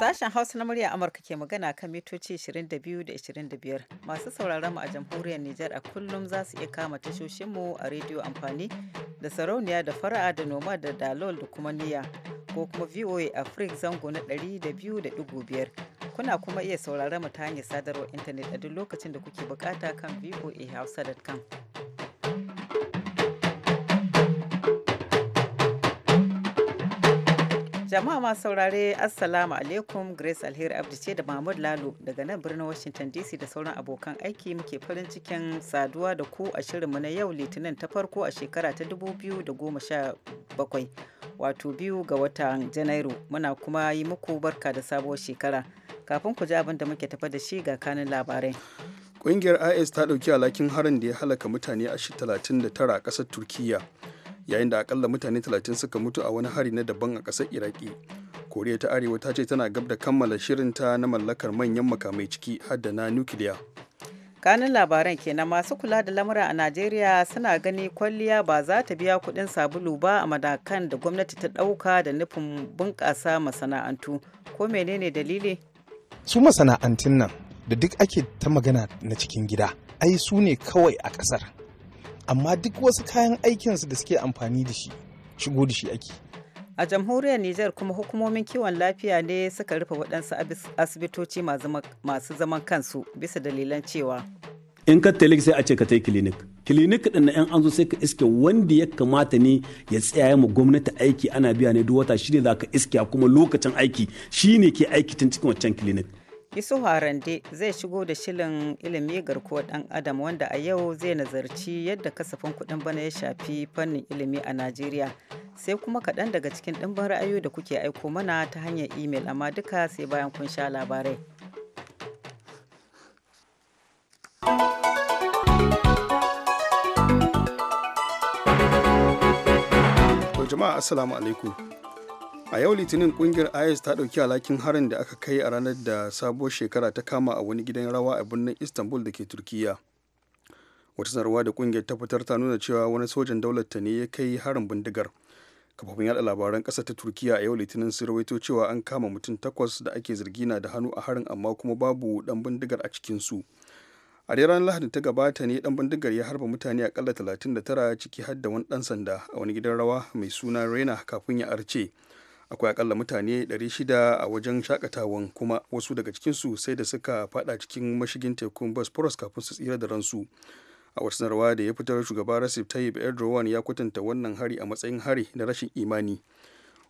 Sashen Hausa na murya Amurka ke magana kan mitoci 22 da 25. Masu sauraron mu a jamhuriyar Nijar a kullum za su iya kama mu a rediyo amfani da sarauniya da fara'a da noma da dalol da kuma niyya ko kuma VOA Africa zango na 200.5. Kuna kuma iya sauraron mu ta hanyar sadarwar intanet a duk lokacin da kuke bukata kan voa hausa.com Jama'a masu saurare Assalamu alaikum Grace Alheri Abdi ce da Mahmud Lalo daga nan birnin Washington DC da sauran abokan aiki muke farin cikin saduwa da ku a shirinmu na yau Litinin ta farko a shekara ta 2017 wato biyu ga watan Janairu muna kuma yi muku barka da sabuwar shekara. Kafin ku ji abin da muke tafa da shi ga kanin labarai. Ƙungiyar IS ta ɗauki alhakin harin da ya halaka mutane 39 a ƙasar Turkiyya. yayin da akalla mutane 30 suka mutu a wani hari na daban a ƙasar iraki koriya ta arewa ta ce tana gab da kammala shirinta na mallakar manyan makamai ciki har da na nukiliya kanin labaran kenan masu kula da lamura a najeriya suna gani kwalliya ba za ta biya kudin sabulu ba a madakan da gwamnati ta dauka da nufin bunƙasa masana'antu ko menene dalili su masana'antun nan da duk ake ta magana na cikin gida ai su ne kawai a ƙasar amma duk wasu kayan aikinsu da suke amfani da shi shigo da shi ake a jamhuriyar nijar kuma hukumomin kiwon lafiya ne suka rufe waɗansu asibitoci masu zaman kansu bisa dalilan cewa in ka telik sai a ce ka tai clinic clinic din na yan an zo sai ka iske wanda ya kamata ne ya tsaya ma gwamnati aiki ana biya ne duk wata shine za ka iske kuma lokacin aiki shine ke aiki tun cikin wancan clinic Yusuf Harande zai shigo da shirin ilimi garkuwar ɗan adam wanda a yau zai nazarci yadda kasafin kuɗin bana ya shafi fannin ilimi a Najeriya. Sai kuma kaɗan daga cikin ɗimbin ra'ayoyi da kuke aiko mana ta hanyar imel amma duka sai bayan kun sha labarai. jama'a assalamu alaikum a yau litinin kungiyar is ta dauki alhakin harin da aka kai a ranar da sabuwar shekara ta kama a wani gidan rawa a birnin istanbul da ke turkiya wata sanarwa da kungiyar ta fitar ta nuna cewa wani sojan daular ta ne ya kai harin bindigar kafofin yada labaran kasa ta turkiya a yau litinin sun rawaito cewa an kama mutum takwas da ake zargi na da hannu a harin amma kuma babu dan bindigar a cikin su a dai ranar lahadi ta gabata ne dan bindigar ya harba mutane akalla 39 ciki har da wani dan sanda a wani gidan rawa mai suna rena kafin ya arce akwai akalla mutane 600 a wajen shakatawan kuma wasu daga cikinsu sai da suka fada cikin mashigin tekun bosporus kafin su tsira da ransu a wata sanarwa da ya fitar shugaba rasif tayyip erdogan ya kwatanta wannan hari a matsayin hari na rashin imani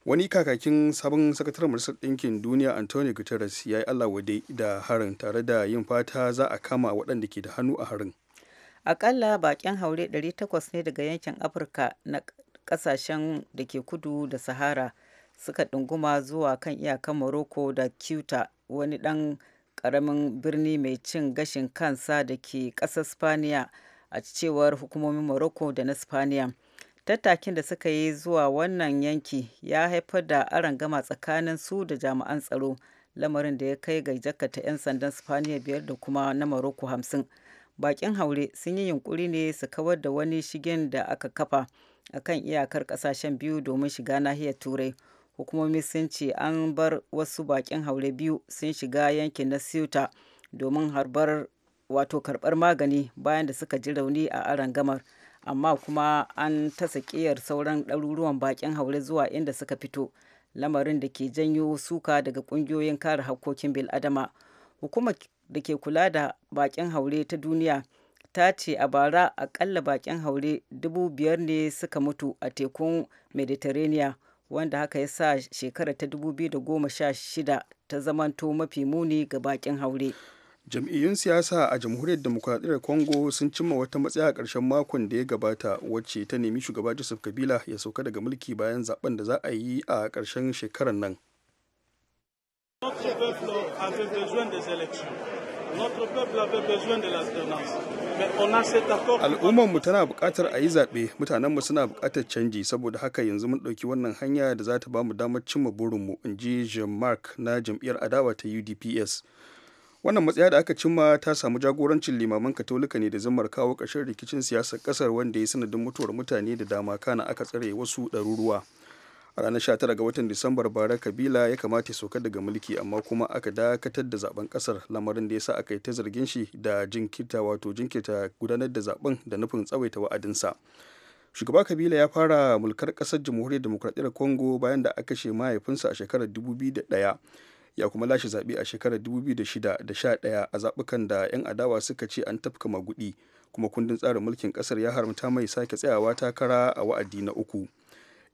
wani kakakin sabon sakataren majalisar ɗinkin duniya antonio guterres ya yi allah wade da harin tare da yin fata za a kama waɗanda ke da hannu a harin akalla bakin haure 800 ne daga yankin afirka na kasashen da ke kudu da sahara suka ɗunguma zuwa kan iyakan morocco da cuta wani ɗan ƙaramin birni mai cin gashin kansa da ke ƙasar spaniya a cewar hukumomin morocco da na spaniya tattakin da suka yi zuwa wannan yanki ya haifar da gama tsakanin su da jami'an tsaro lamarin da ya kai ga jakata 'yan sandan spaniya biyar da kuma na morocco hamsin bakin haure sun yi yunkuri ne su kawar da wani shigen da aka kafa a kan iyakar ƙasashen biyu domin shiga nahiyar turai hukumomi sun ce an bar wasu bakin haure biyu sun shiga yankin na siuta domin harbar wato karbar magani bayan da suka ji rauni a gamar amma kuma an ta sakiyar sauran ɗaruruwan bakin haure zuwa inda suka fito lamarin da ke janyo suka daga ƙungiyoyin kare hakkokin bil'adama hukumar da ke kula da bakin haure ta duniya ta ce a bara akalla bakin haure dubu biyar ne suka mutu a tekun mediterranean wanda haka ya sa shekarar ta 2016 ta zamanto mafi muni ga bakin haure. jam'iyyun siyasa a jamhuriyar demokradiyyar congo sun cimma wata matsaya a ƙarshen makon da ya gabata wacce ta nemi shugaba joseph kabila ya sauka daga mulki bayan zaben da za a yi a ƙarshen shekarar nan. Notre mu tana buƙatar a yi zaɓe mutanen mu suna buƙatar canji saboda haka yanzu mun ɗauki wannan hanya da za ta ba mu damar cimma burin mu in ji jean mark na jam'iyyar adawa ta udps wannan matsaya da aka cimma ta samu jagorancin limaman katolika ne da zimmar kawo ƙarshen rikicin siyasar ƙasar wanda ya sanadin mutuwar mutane da dama kana aka tsare wasu ɗaruruwa a ranar 19 ga watan disambar bara kabila ya kamata soka daga mulki amma kuma aka dakatar da zaben kasar lamarin da ya sa aka yi ta zargin shi da jinkirta wato jinkirta gudanar da zaben da nufin tsawaita wa'adinsa shugaba kabila ya fara mulkar kasar jamhuriyar demokradiyyar congo bayan da aka she mahaifinsa a shekarar 2001 ya kuma lashe zaɓe a shekarar 2006 a zaɓukan da 'yan adawa suka ce an tafka magudi kuma kundin tsarin mulkin ƙasar ya haramta mai sake tsayawa takara a wa'adi na uku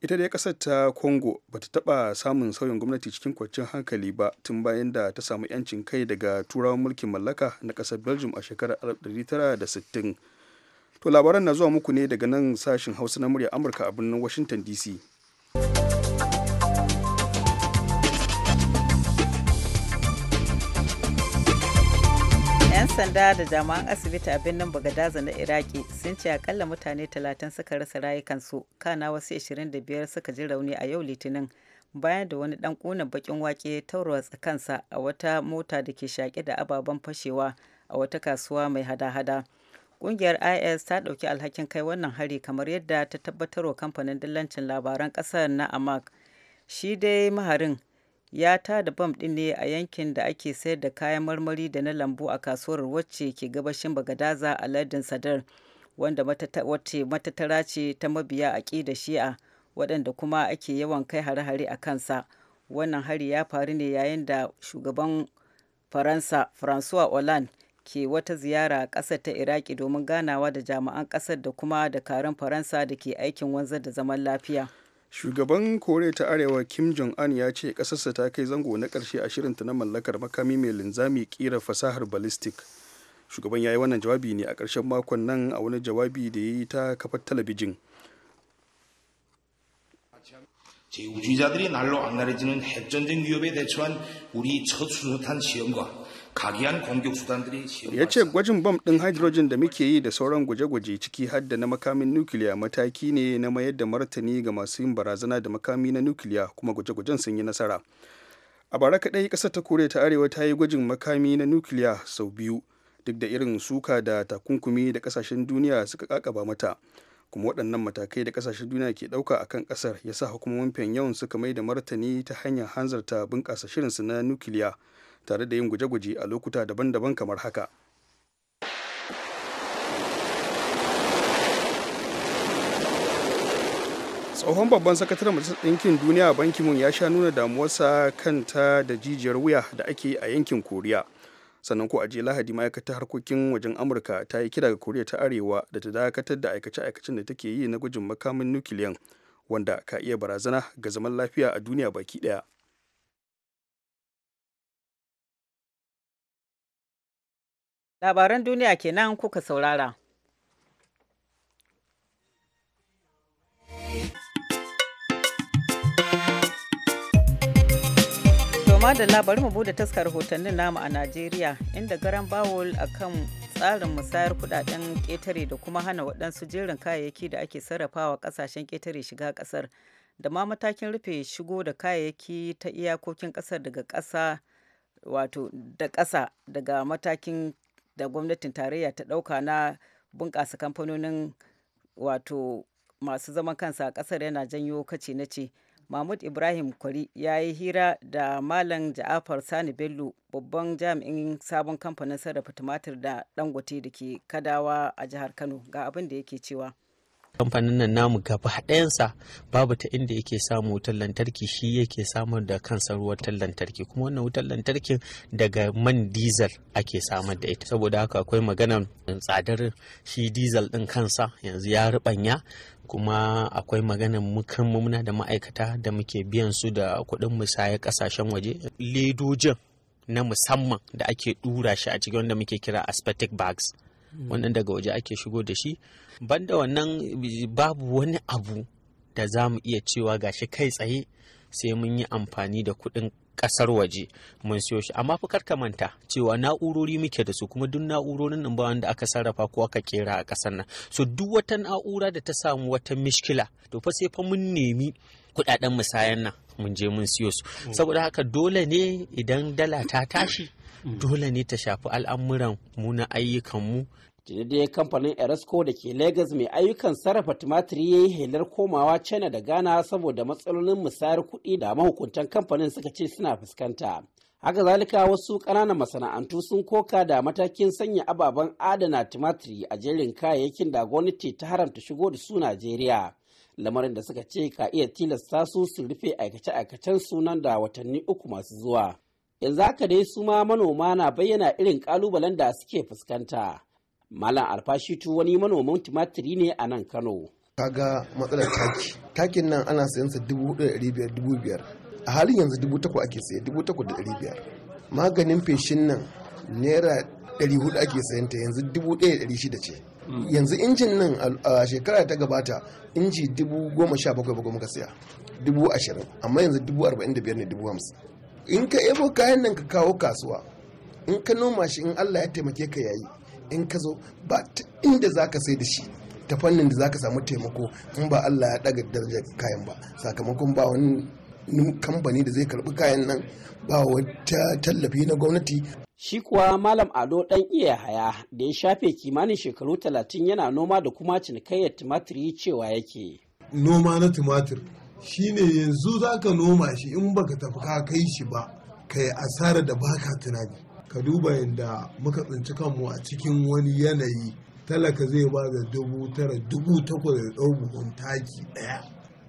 ita dai kasar ta congo ba ta taɓa samun sauyin gwamnati cikin kwacin hankali ba tun bayan da ta samu 'yancin kai daga turawan mulkin mallaka na kasar belgium a shekarar 1960 to labaran na zuwa muku ne daga nan sashin hausa na murya amurka a birnin washington dc sanda da jami'an asibiti a birnin bagadaza na iraki sun ce akalla mutane 30 suka rasa rayukansu kana wasu 25 suka ji rauni a yau litinin bayan da wani dan kuna bakin wake taurasa kansa a wata mota da ke shaƙe da ababen fashewa a wata kasuwa mai hada-hada kungiyar is ta ɗauki alhakin kai wannan hari kamar yadda ta tabbatarwa kamfanin dillancin labaran ƙasar na amak shi dai maharin ya tada bam ɗin ne a yankin da ake sayar da kayan marmari da na lambu a kasuwar wacce ke gabashin bagadaza a lardin sadar wanda wacce matatara ce ta mabiya a da shi'a waɗanda kuma ake yawan kai hare-hare a kansa wannan hari ya faru ne yayin da shugaban faransa francois hollande ke wata ziyara a ƙasar ta iraki domin ganawa da jami'an ƙasar da kuma da karin faransa da ke aikin wanzar da zaman lafiya shugaban kore ta arewa kim jong un ya ce kasarsa ta kai zango na ƙarshe a shirinta na mallakar makami mai linzami kira fasahar ballistic shugaban ya yi wannan jawabi ne a karshen makon nan a wani jawabi da ya yi ta kafar talabijin 제첫 수소탄 시험과 ya gwajin bam din hydrogen da muke yi da sauran gwaje-gwaje ciki hadda na makamin nukiliya mataki ne na mayar da martani ga masu yin barazana da makami na nukiliya kuma gwaje-gwajen sun yi nasara a bara kaɗai ƙasar ta kore ta arewa ta yi gwajin makami na nukiliya sau biyu duk da irin suka da takunkumi da ƙasashen duniya suka kakaba mata kuma waɗannan matakai da ƙasashen duniya ke ɗauka a kan ƙasar ya sa hukumomin pyongyang suka mai da martani ta hanyar hanzarta bunƙasa shirinsu na nukiliya tare da yin guje-guje a lokuta daban-daban kamar haka tsohon babban sakataren majalisar ɗinkin duniya bankin mun ya sha nuna damuwarsa kanta da jijiyar wuya da ake a yankin koriya sannan ko a je lahadi ma'aikatar harkokin wajen amurka ta yi kira ga koriya ta arewa da ta dakatar da aikace-aikacen da take yi na gujin makamin nukiliyan wanda ka iya barazana ga zaman lafiya a duniya baki ɗaya Labaran duniya kenan kuka saurara. madalla bari mu bude taskar rahotannin namu a Najeriya inda garan bawul kan tsarin musayar kudaden ketare da kuma hana waɗansu jerin kayayyaki da ake sarrafawa ƙasashen ketare shiga ƙasar da ma matakin rufe shigo da kayayyaki ta iyakokin ƙasar daga ƙasa wato da ƙasa daga matakin da gwamnatin tarayya ta ɗauka na bunƙasa kamfanonin wato masu zaman kansa a ƙasar yana janyo kace na ce mahmud ibrahim kwari ya yi hira da malam ja'afar sani bello babban jami'in sabon kamfanin sarrafa tumatir da dangote da ke kadawa a jihar kano ga abin da yake cewa kamfanin nan namu gaba ɗayansa babu ta inda yake samu wutar lantarki shi yake samar da kansa wutar lantarki kuma wannan wutar lantarkin daga man diesel ake samar da ita saboda haka akwai maganar tsadar shi diesel ɗin kansa yanzu ya rubanya kuma akwai maganar mukan muna da ma'aikata da muke biyan su da kuɗin musaya ƙasashen waje ledojin na musamman da ake dura shi a cikin wanda muke kira aspetic bags wannan daga waje ake shigo da shi banda wannan babu wani abu da za mu iya cewa ga shi kai tsaye sai mun yi amfani da kuɗin kasar waje mun siyo shi amma fa ka manta cewa na'urori muke da su kuma duk na'urorin nan ba wanda aka sarrafa ko aka kera a ƙasar nan so duk wata na'ura da ta samu wata mishkila to fa sai fa mun nemi kuɗaɗen musayan nan mun je mun siyo su mm. saboda haka dole ne idan dala ta tashi dole ne ta shafi al'amuran mu na ayyukanmu dai kamfanin erasco da ke Legas mai ayyukan sarrafa tumatiri ya yi helar komawa china da ghana saboda matsalolin misayar kuɗi da mahukuntan kamfanin suka ce suna fuskanta haka zalika wasu ƙananan masana'antu sun koka da matakin sanya ababen adana tumatiri a jerin kayayyakin da gwamnati ta haramta shigo da su najeriya lamarin da suka ce ka iya tilasta su su rufe aikace-aikacen sunan da watanni uku masu zuwa yanzu haka dai su ma manoma na bayyana irin kalubalen da suke fuskanta malam alfashitu wani manoman tumatiri ne a nan kano kaga matsalar taki takin nan ana sayan sa dubu biyar dubu biyar a halin yanzu dubu takwa ake saye dubu takwa da dari biyar maganin feshin nan naira ɗari hudu ake sayan ta yanzu dubu ɗaya ɗari shida ce hmm. yanzu injin nan a shekara ta gabata inji dubu goma sha bakwai bakwai muka siya dubu ashirin amma yanzu dubu arba'in da biyar ne dubu hamsin in ka ebo kayan nan ka kawo kasuwa in ka noma shi in allah ya taimake ka yayi in ka zo ba ta inda za ka sai da shi ta fannin da za ka samu taimako in ba allah ya daga darajar kayan ba sakamakon ba wani kamfani da zai karbi kayan nan ba wata tallafi na gwamnati Shi kuwa Malam Ado ɗan iya haya da ya shafe kimanin shekaru talatin yana noma da kuma cinikayyar tumatiri cewa yake. Noma na tumatir shine yanzu za ka noma shi in baka tafi ka kai shi ba ka yi asara da baka tunani ka duba yadda muka tsinci kanmu a cikin wani yanayi talaka zai ba da dubu tara dubu takwas da taki ɗaya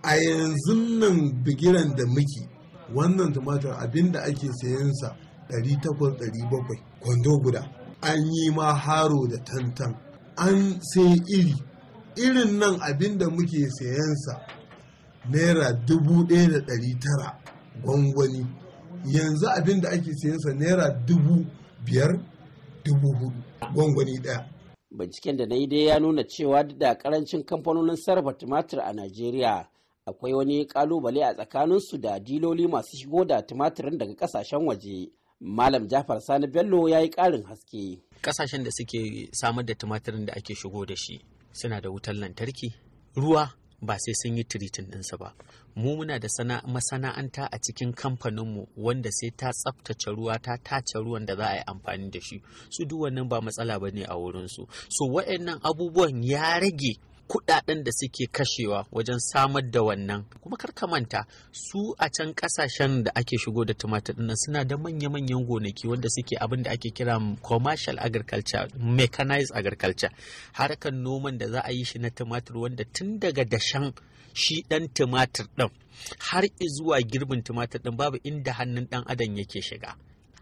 a yanzu nan bigiran da muke wannan tumatir abin da ake sayansa ɗari takwas ɗari bakwai kwando guda an yi ma haro da tantan an sai iri irin nan abin da muke sayansa naira dubu ɗaya da ɗari tara gwangwani yanzu abin da ake sa naira dubu biyar dubu hudu gwangwani ɗaya binciken da na yi dai ya nuna cewa da karancin kamfanonin sarrafa tumatir a najeriya akwai wani kalubale a tsakaninsu da diloli masu shigo da tumatirin daga kasashen waje malam jafar sani bello ya yi karin haske kasashen da suke samar da tumatirin da ake shigo da shi suna da wutar lantarki ruwa ba sai sun yi tiritin ɗinsa ba mu muna da masana'anta a cikin kamfaninmu wanda sai ta tsaftace ruwa ta tace ruwan da za a yi amfani da shi su duk wannan ba matsala ba ne a wurinsu so wa'annan abubuwan ya rage kudaden da suke kashewa wajen samar da wannan kuma karka manta su a can kasashen da ake shigo da tumatir dinnan suna da manya-manyan gonaki wanda suke abin da ake kira commercial agriculture mechanized agriculture harkar noman da za a yi shi na tumatir wanda tun daga dashen shi dan tumatir din har zuwa girbin tumatir din babu inda hannun dan adam yake shiga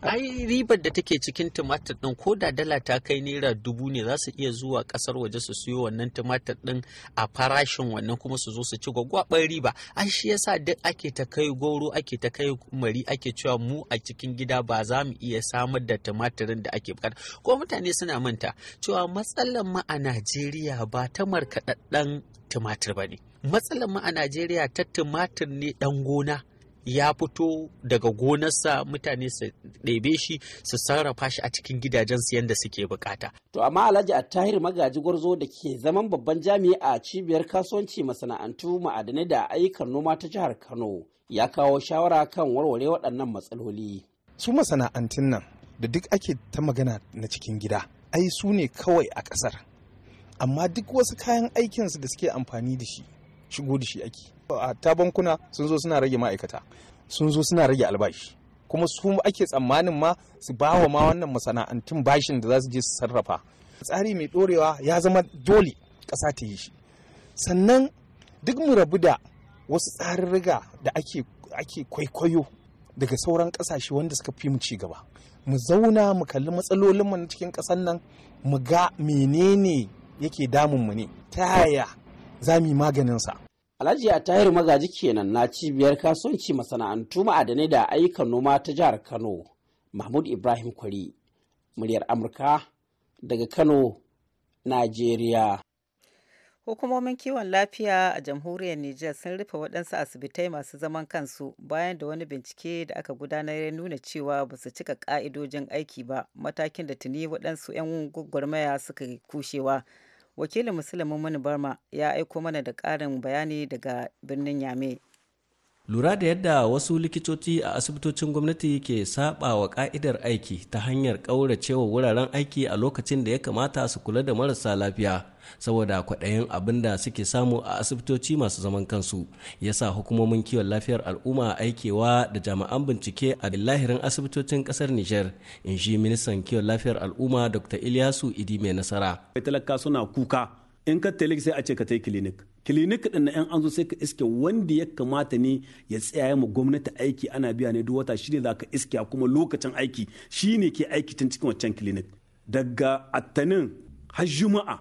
ai ribar da take cikin tumatir ɗin ko da dala ta kai naira dubu ne za su iya zuwa ƙasar waje su siyo wannan tumatir ɗin a farashin wannan kuma su zo su ci gwagwaɓar riba ai shi yasa duk ake ta kai goro ake ta kai mari ake cewa mu a cikin gida ba za mu iya samar da tumatirin da ake bukata ko mutane suna manta cewa matsalar ma a Najeriya ba ta markaɗaɗɗen tumatir ba ne matsalar ma a Najeriya ta tumatir ne ɗan gona ya fito daga gonarsa mutane su ɗebe shi su sarrafa shi a cikin gidajen su yadda suke bukata. To amma Alhaji Attahir Magaji Gwarzo da ke zaman babban jami'i a cibiyar kasuwanci masana'antu ma'adanai da ayyukan noma ta jihar Kano ya kawo shawara kan warware waɗannan matsaloli. Su masana'antun nan da duk ake ta magana na cikin gida ai su ne kawai a ƙasar amma duk wasu kayan aikinsu da suke amfani da shi shigo da shi ake A ta bankuna sun zo suna rage ma'aikata sun zo suna rage albashi kuma su ake tsammanin ma su bawa ma wannan masana'antun bashin da za su je su sarrafa tsari mai ɗorewa ya zama dole ƙasa ta yi shi sannan duk mu rabu da wasu tsarin riga da ake kwaikwayo daga sauran ƙasashe wanda suka fi mu ci gaba mu zauna mu kalli matsalolin mu na cikin ƙasar nan mu ga menene yake damun mu ne ta yaya za mu yi maganinsa Alhaji a Tahir Magaji kenan na cibiyar kasuwanci masana'antu ma'adanai da ayyukan noma ta jihar Kano, Mahmud Ibrahim Kwari, muryar Amurka daga Kano, Najeriya. Hukumomin kiwon lafiya a jamhuriyar Nijar sun rufe waɗansu asibitai masu zaman kansu bayan da wani bincike da aka gudanar ya nuna cewa ba su cika ƙa'idojin aiki ba matakin da tuni waɗansu 'yan gwagwarmaya suka kushewa. wakilin musulmin mani barma ya aiko mana da ƙarin bayani daga birnin yame lura da yadda wasu likitoci a asibitocin gwamnati ke saba wa ka'idar aiki ta hanyar ƙauracewa wuraren aiki a lokacin da ya kamata su kula da marasa lafiya saboda kwaɗayin abin da suke samu a asibitoci masu zaman kansu ya sa hukumomin kiwon lafiyar al'umma aikewa da jami'an bincike a lahirin asibitocin ƙasar niger in shi ministan kiwon lafiyar al'umma dr ilyasu idi mai nasara talaka suna kuka in ka sai a ce ka tai kilinik kilinik din na yan an sai ka iske wanda ya kamata ne ya tsaya ma gwamnati aiki ana biya ne duk wata shine za ka iske kuma lokacin aiki shine ke aiki tun cikin wancan kilinik daga attanin har juma'a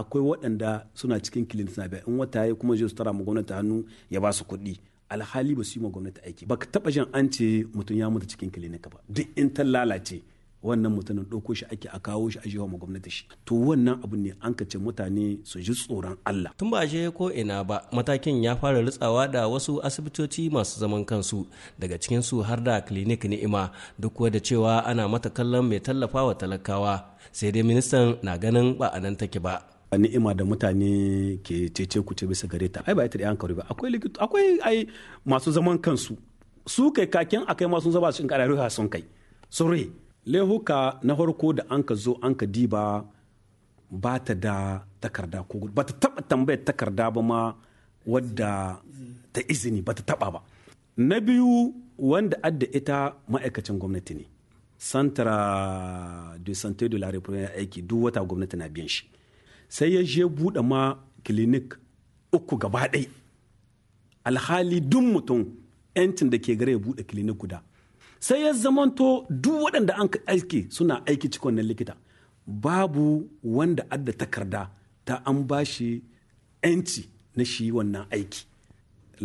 akwai waɗanda suna cikin kilinik na biya in wata ya kuma zai su tara ma gwamnati hannu ya ba su kuɗi alhali ba su yi ma gwamnati aiki ba ka taɓa jan an ce mutum ya mutu cikin kilinik ba duk in ta lalace wannan mutumin ɗauko shi ake a kawo shi a jiwa ma gwamnati shi to wannan abu ne an ka ce mutane su ji tsoron Allah tun ba je ko ina ba matakin ya fara ritsawa da wasu asibitoci masu zaman kansu daga cikin su har da clinic ni'ima duk da cewa ana mata kallon mai tallafa wa talakawa sai dai ministan na ganin ba a nan take ba ni'ima da mutane ke cece ku ce bisa gare ta ai ba ita da yankari ba akwai likita akwai ai masu zaman kansu su kai kakin akai masu zaba sun kararuwa sun kai sore laihuka na farko da an ka zo an ka diba ba ta da takarda ko ba ta taba tambayar takarda ba ma wadda ta izini ba ta taba ba na biyu wanda adda ita ma'aikacin gwamnati ne santara de santé de la republique aiki duk wata gwamnati na biyan shi sai ya je buɗe ma clinic uku gaba ɗai alhali duk mutum 'yancin da ke gare ya buɗe clinic guda sai ya zamanto duk waɗanda an aiki suna aiki cikon wannan likita babu wanda adda takarda ta an ba shi 'yanci na shi wannan aiki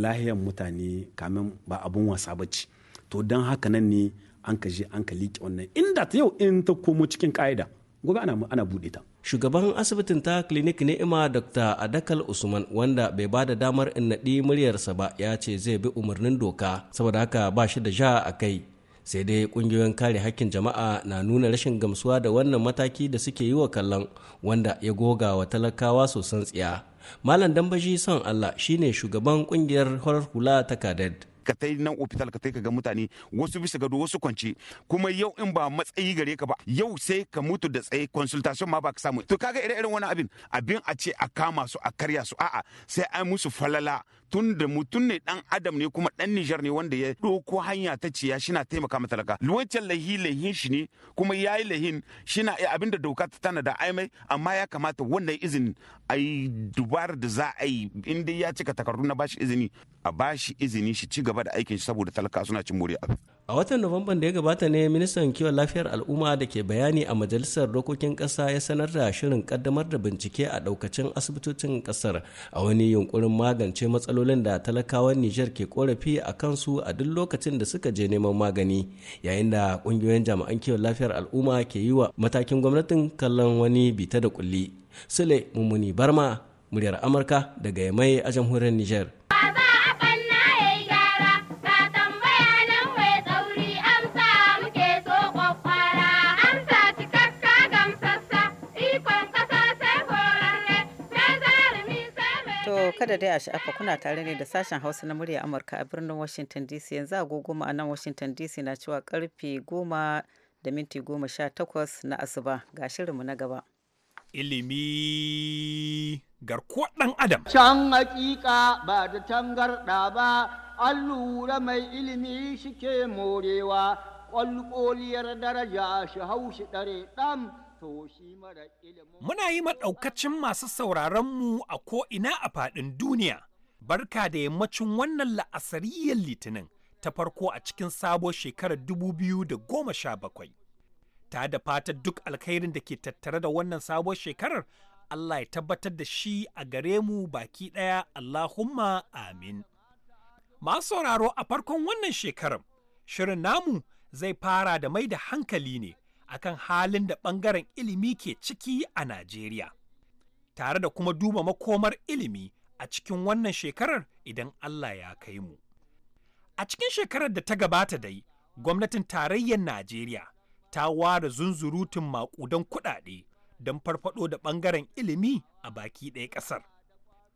lahiyar mutane kamin ba abun wasa ba ce to don haka nan ne an ka je an ka liƙe wannan inda ta yau in ta komo cikin ka'ida gobe ana ana buɗe ta shugaban asibitin ta clinic ni'ima dr adakal usman wanda bai ba da damar in naɗi muryarsa ba ya ce zai bi umarnin doka saboda haka ba shi da ja a kai sai dai kungiyoyin kare hakkin jama'a na nuna rashin gamsuwa da wannan mataki da suke yi wa kallon wanda ya goga wa talakawa sosan tsiya malam dambashi son allah shine shugaban kungiyar horar hula ta kadad ka ta nan ofital ka ka ga mutane wasu bisa gado wasu kwance kuma yau in ba matsayi gare ka ba yau sai ka mutu da tsaye consultation ma ba ka samu to kaga ire iren wani abin abin a ce a kama su a karya su a'a sai an musu falala tun da mutum ne dan adam ne kuma dan Nijar ne wanda ya ɗauko hanya ta ciya shi na taimaka ma talaka wancan lahi lahin shi ne kuma ya yi lahin shi na eh, abin da doka ta tana da aimai amma ya kamata wannan izini a yi dubar da za a yi inda ya cika takardu na bashi izini a bashi izini shi ci gaba da aikin shi saboda talaka suna cin moriya a watan nuwamban da ya gabata ne ministan kiwon lafiyar al'umma da ke bayani a majalisar dokokin kasa ya sanar da shirin kaddamar da bincike a daukacin asibitocin kasar a wani yunkurin magance matsalar. matsalolin da talakawan Nijar ke korafi a kansu a duk lokacin da suka je neman magani yayin da kungiyoyin jami'an kiwon lafiyar al'umma ke yi wa matakin gwamnatin kallon wani bita da kulli. Sule Mummuni Barma, muryar Amurka daga Yamai a jamhuriyar Nijar. kada dai a sha'afa kuna tare ne da sashen hausa na murya amurka a birnin washington dc yanzu agogo a nan washington dc na cewa karfe goma da minti goma sha takwas na asuba ga shirinmu na gaba ilimi garkuwar dan adam can hakika ba da tangarɗa ba allura mai ilimi shike morewa kwalkoliyar daraja shi haushi ɗare ɗan Muna yi maɗaukacin masu sauraronmu a ko'ina a faɗin duniya. Barka da yammacin wannan la'asariyar litinin ta farko a cikin sabon shekarar 2017. Ta da fatar duk alkhairin da ke tattare da wannan sabon shekarar Allah ya tabbatar da shi a gare mu baki ɗaya Allahumma amin. Masu sauraro a farkon wannan shekarar, shirin namu zai fara da mai da hankali ne akan halin da ɓangaren ilimi ke ciki a Najeriya. Tare da kuma duba makomar ilimi a cikin wannan shekarar idan Allah ya kai mu. A cikin shekarar da ta gabata dai, gwamnatin tarayyar Najeriya ta ware zunzurutun maƙudan kuɗaɗe don farfaɗo da ɓangaren ilimi a baki ɗaya ƙasar.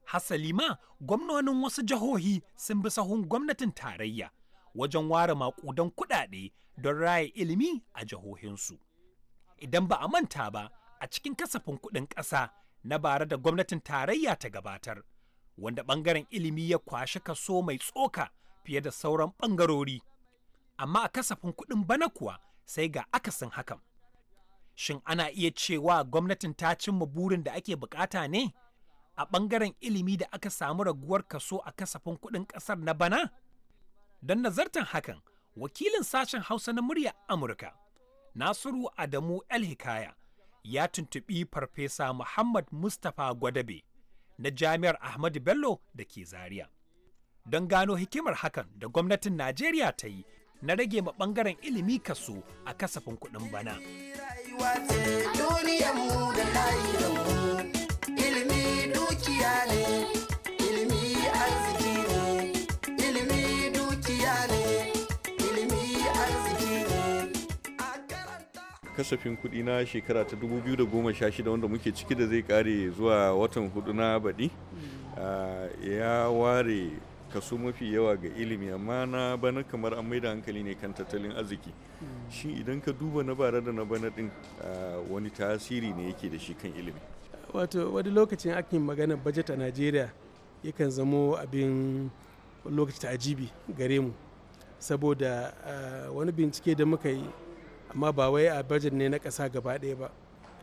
Hasali ma gwamnonin wasu jihohi sun bi sahun gwamnatin tarayya wajen ware maƙudan kuɗaɗe don raya ilimi a jihohinsu. Idan ba a manta ba a cikin kasafin kuɗin ƙasa na bara da gwamnatin tarayya ta gabatar, wanda ɓangaren ilimi ya kwashe kaso mai tsoka fiye da sauran ɓangarori. Amma a kasafin kuɗin bana kuwa sai ga akasin hakan. Shin ana iya cewa gwamnatin ta cimma burin da ake bukata ne? a ɓangaren ilimi da aka samu raguwar kaso a kasafin kuɗin ƙasar na bana? Don nazartan hakan wakilin sashen hausa na murya amurka nasiru adamu el hikaya ya tuntuɓi farfesa muhammad mustapha gwadabe na jami'ar ahmadu bello da ke zaria don gano hikimar hakan da gwamnatin najeriya ta yi na rage ma ɓangaren ilimi kaso a kasafin kuɗin bana kasafin kuɗi na shekara ta 2016 wanda muke ciki da zai kare zuwa watan hudu na baɗi hmm. ah, ya ware kaso mafi yawa ga ilimi amma na bana kamar an maida hankali ne kan tattalin arziki hmm. shi idan ka duba na bara da na bana din ah, wani tasiri ne yake da shi kan ilimi wato wani lokacin ake magana bajet a najeriya yakan zamo abin lokaci ta ajibi gare mu saboda ah, wani bincike da muka yi amma ba wai a budget ne na kasa gaba ɗaya ba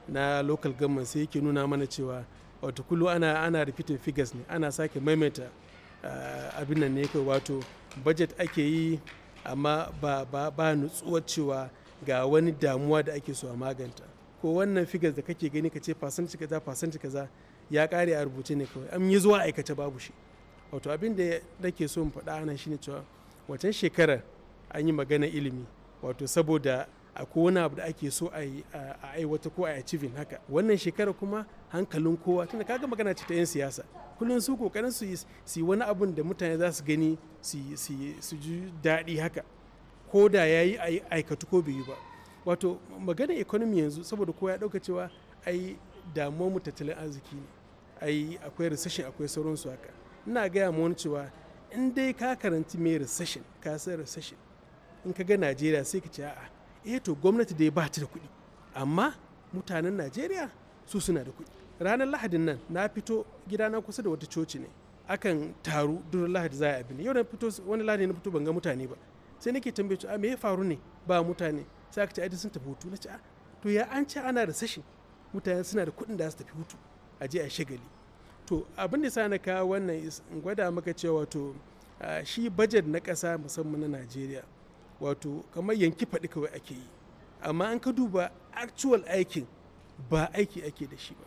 na local government sai yake nuna mana cewa wato kullu ana ana repeating figures ne ana sake maimaita eh, abin nan ne kai wato budget ake yi amma ba ba ba nutsuwar cewa ga wani damuwa da ake so a maganta ko wannan figures da kake gani ka ce percentage kaza percentage kaza ya kare a rubuce ne kawai an yi zuwa aikace babu shi wato abin da nake so mu faɗa anan shine cewa wata shekara an yi magana ilimi wato saboda A wani abu da ake so a aiwata ko a achieving haka wannan shekara kuma hankalin kowa tunda kaga magana ce ta 'yan siyasa kullum su kokarin su yi wani abun da mutane za su gani su ji daɗi haka ko da ya yi aikatu ko bai yi ba wato magana economy yanzu saboda kowa ya ɗauka cewa ai damuwar mu tattalin arziki ne ai akwai recession akwai sauransu haka ina gaya mu wani cewa in dai ka karanci mai recession ka san recession in ka ga najeriya sai ka ce a'a eh to gwamnati dai ba ta da kuɗi amma mutanen najeriya su suna da kuɗi ranar lahadin nan na fito gidana kusa da wata coci ne akan taru durin lahadi za a abin yau na fito wani lahadi na fito ban ga mutane ba sai nake tambaye a ah, me ya faru ne ba mutane sai aka ce ai sun tafi hutu na ce ah, to ya an ce ana da sashi mutane suna da kuɗin da za su tafi hutu a je a shagali to abin da sa na kawo wannan in gwada maka cewa to ah, shi bajet na ƙasa musamman na najeriya wato kamar yanki faɗi kawai ake yi amma an ka duba actual aikin ba aiki ake da shi ba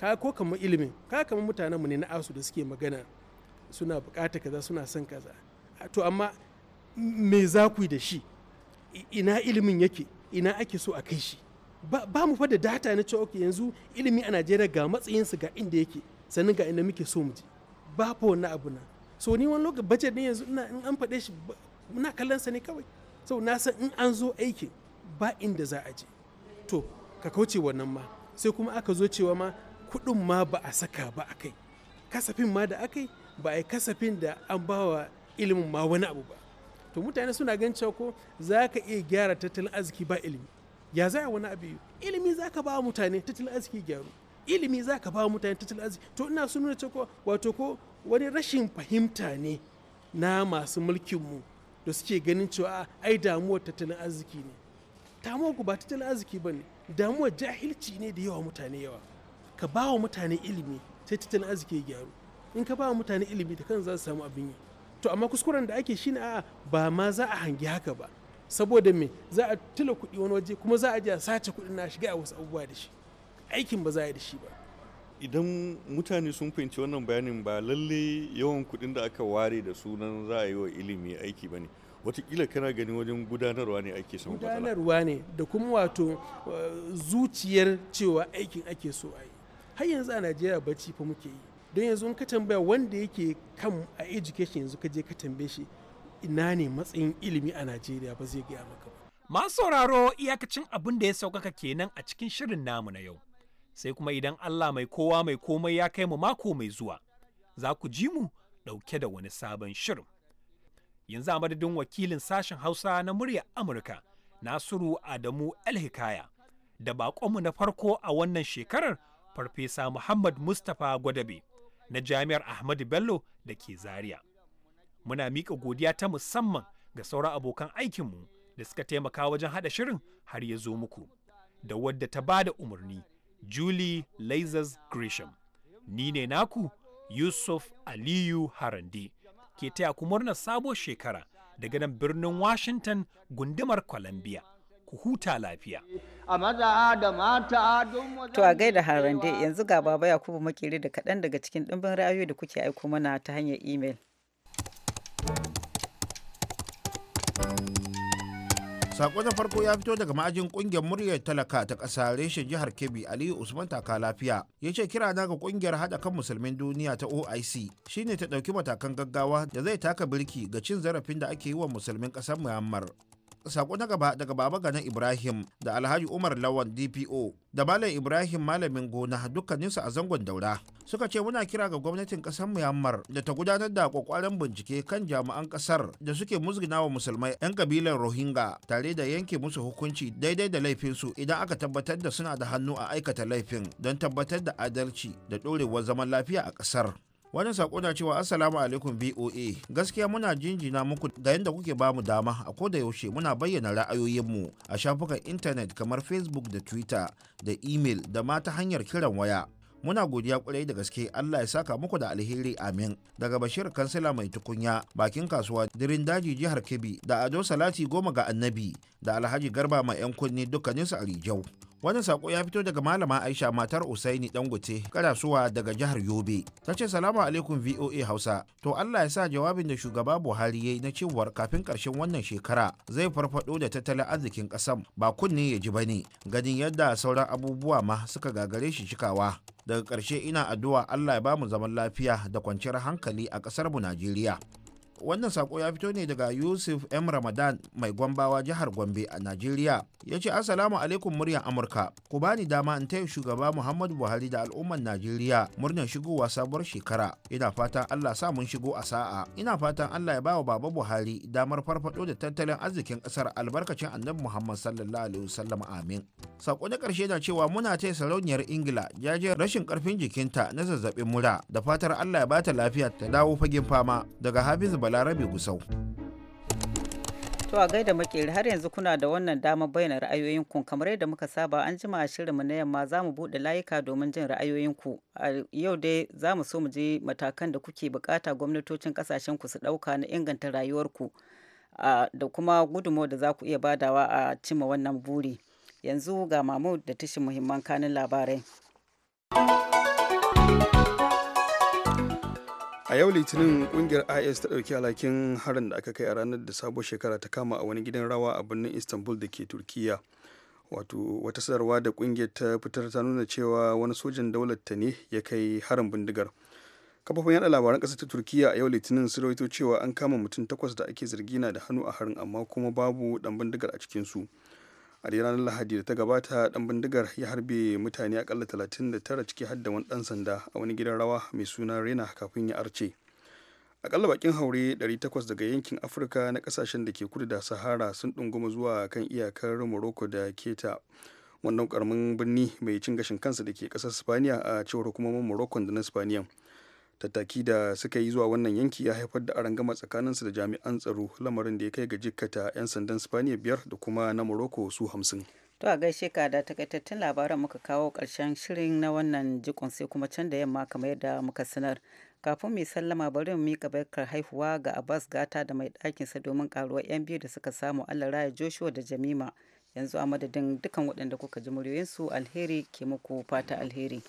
ka ko kamar ilimin ka kamar mutanenmu ne na asu da suke magana suna bukata kaza suna son kaza to amma me za ku yi da shi ina ilimin yake ina ake so a kai shi ba mu da data na cewa yanzu ilimi a najeriya ga su ga inda yake sannan ga inda muke so mu je ba fa wannan abu na so ni wani lokacin budget ne yanzu in an faɗe shi muna kallon sa ne kawai sau na san in an zo aiki ba inda za a je to ka kauce wannan ma sai kuma aka zo cewa ma kuɗin ma ba a saka ba a kai kasafin ma da aka yi ba a yi kasafin da an bawa ilimin ma wani abu ba to mutane suna gan cewa ko za ka iya gyara tattalin arziki ba ilimi ya za a wani abu ilimi za ka ba wa mutane tattalin arziki gyaru ilimi za ka ba wa mutane tattalin arziki to ina sun nuna cewa wato ko wani rashin fahimta ne na masu mulkinmu da suke ganin cewa ah, ai damuwar tattalin arziki ne damuwar ku ba tattalin arziki ba ne damuwar jahilci ne da yawa mutane yawa ka ba wa mutane ilimi sai tattalin arziki ya gyaru in ka ba wa mutane ilimi da kan za su samu abin yi to amma kuskuren da ake shine a ba ma za a hangi haka ba saboda me za a tila kuɗi wani waje kuma za a je a sace kuɗin na shiga a wasu abubuwa da shi aikin ba za a yi da shi ba idan mutane sun fahimci wannan bayanin ba lalle yawan kuɗin da aka ware da sunan za a yi wa ilimi aiki ba ne watakila kana gani wajen gudanarwa ne ake samun gudanarwa ne da kuma wato eh, zuciyar cewa aikin ake so a yi har yanzu a najeriya bacci fa muke yi don yanzu ka tambaya wanda yake kan a education yanzu ka je ka tambaye shi ina ne matsayin ilimi a najeriya ba zai gaya maka ba masu sauraro iyakacin abin da ya saukaka kenan a cikin shirin namu na yau sai kuma idan Allah mai kowa mai komai ya kai mu mako mai zuwa za ku ji mu ɗauke da wani sabon shirin. Yanzu a madadin wakilin sashen Hausa na murya Amurka Nasiru Adamu Alhikaya da baƙonmu na farko a wannan shekarar Farfesa Muhammad Mustapha Gwadabe na Jami'ar Ahmadu Bello da ke Zaria. Muna miƙa godiya ta musamman ga sauran abokan aikinmu da suka taimaka wajen haɗa shirin har ya zo muku, da wadda ta ba da umarni. Julie Lazers Gresham. Ni ne naku Yusuf Aliyu Harande ke taya ku murnar sabuwar shekara daga nan birnin Washington gundumar Columbia. Ku huta lafiya. A maza da mata To a gaida Harande yanzu ga baba Yakubu makeri da kaɗan daga cikin ɗimbin ra'ayoyi da kuke aiko mana ta hanyar email. sako na farko ya fito daga ma'ajin kungiyar muryar talaka ta ƙasa reshen jihar kebbi aliyu usman taka lafiya ya ce kira na ga kungiyar haɗa kan musulmin duniya ta oic shine ta ɗauki matakan gaggawa da zai taka birki ga cin zarafin da ake yi wa musulmin ƙasar myanmar sako na gaba daga baba ganin ibrahim da alhaji umar lawan dpo da malam ibrahim malamin gona dukkaninsu a zangon daura suka ce muna kira ga gwamnatin kasar myanmar da ta gudanar da kwakwaren bincike kan jami'an kasar da suke musgina wa musulmai 'yan kabilar rohingya tare da yanke musu hukunci daidai da laifinsu idan aka tabbatar da suna da hannu a aikata laifin don tabbatar da adalci da dorewar zaman lafiya a kasar wani sako na cewa assalamu alaikum voa gaskiya muna jinjina muku da yadda kuke ba mu dama a ko da yaushe muna bayyana ra'ayoyinmu a shafukan intanet kamar facebook da twitter da email da ma ta hanyar kiran waya muna godiya kwarai da gaske Allah ya saka muku da alheri amin daga Bashir kansila mai tukunya bakin kasuwa dirin daji jihar Kebbi da Ado Salati goma ga Annabi da Alhaji Garba mai yan kunni dukkaninsu a Rijau Wannan sako ya fito daga malama Aisha matar Usaini Dangote karasuwa daga jihar Yobe. Ta ce salamu alaikum VOA Hausa. To Allah ya sa jawabin da shugaba Buhari ya yi na cewar kafin karshen wannan shekara zai farfado da tattalin arzikin ƙasan. ba kunne ya ji ba ne ganin yadda sauran abubuwa ma suka gagare shi cikawa. Daga ƙarshe ina addu'a Allah ya bamu zaman lafiya da kwanciyar hankali a ƙasar mu Najeriya. wannan sako ya fito ne daga yusuf m ramadan mai gwambawa jihar gombe a najeriya ya ce 'asalamu alaikum muryar amurka ku bani dama in taya shugaba muhammadu buhari da al'ummar najeriya murnar shigowa sabuwar shekara ina fatan allah sa mun shigo a sa'a ina fatan allah ya bawa baba buhari damar farfado da tattalin arzikin kasar albarkacin annabi muhammad sallallahu alaihi wasallam amin sako na karshe na cewa muna taya sarauniyar ingila jajen rashin karfin jikinta na zazzabin mura da fatar allah ya bata lafiya ta dawo fagen fama daga hafiz balarabe gusau to a gaida makeri har yanzu kuna da wannan damar bayyana ra'ayoyinku kamar yadda muka saba an jima a mu na yamma za mu buɗe layuka domin jin ra'ayoyinku a yau dai za mu so mu je matakan da kuke bukata gwamnatocin kasashen ku su ɗauka na inganta rayuwarku da kuma gudumo da za ku iya badawa a cima wannan buri yanzu ga mamu da tashin muhimman kanin labarai a yau litinin kungiyar is ta dauki alhakin harin da aka kai a ranar da sabon shekara ta kama a wani gidan rawa a birnin istanbul da ke turkiya wato wata sadarwa da kungiyar ta fitar ta nuna cewa wani sojan daular ta ne ya kai harin bindigar kafofin yada labaran kasar ta turkiya a yau litinin sun rawaito cewa an kama mutum takwas da ake zargi na da hannu a harin amma kuma babu dan bindigar a cikin su a ranar lahadi da ta gabata dan bindigar ya harbe mutane akalla 39 ciki har da wani dan sanda a wani gidan rawa mai suna rena kafin ya arce akalla bakin haure 800 daga yankin afirka na kasashen da ke kudu da sahara sun dunguma zuwa kan iyakar morocco da keta wannan karamin birni mai cin gashin kansa da ke kasar spaniya a cewar hukumomin morocco da na spaniya tattaki da suka yi zuwa wannan yanki ya haifar da arangama tsakaninsu da jami'an tsaro lamarin da ya kai ga jikkata 'yan sandan spaniya biyar da kuma na morocco su hamsin to a gaishe ka da takaitattun labaran muka kawo karshen shirin na wannan jikon sai kuma can da yamma kamar yadda muka sanar kafin mai sallama bari mu mika bakar haihuwa ga abbas gata da mai ɗakinsa domin karuwar 'yan biyu da suka samu allah raya joshua da jamima yanzu a madadin dukan waɗanda kuka ji muryoyinsu alheri ke muku fata alheri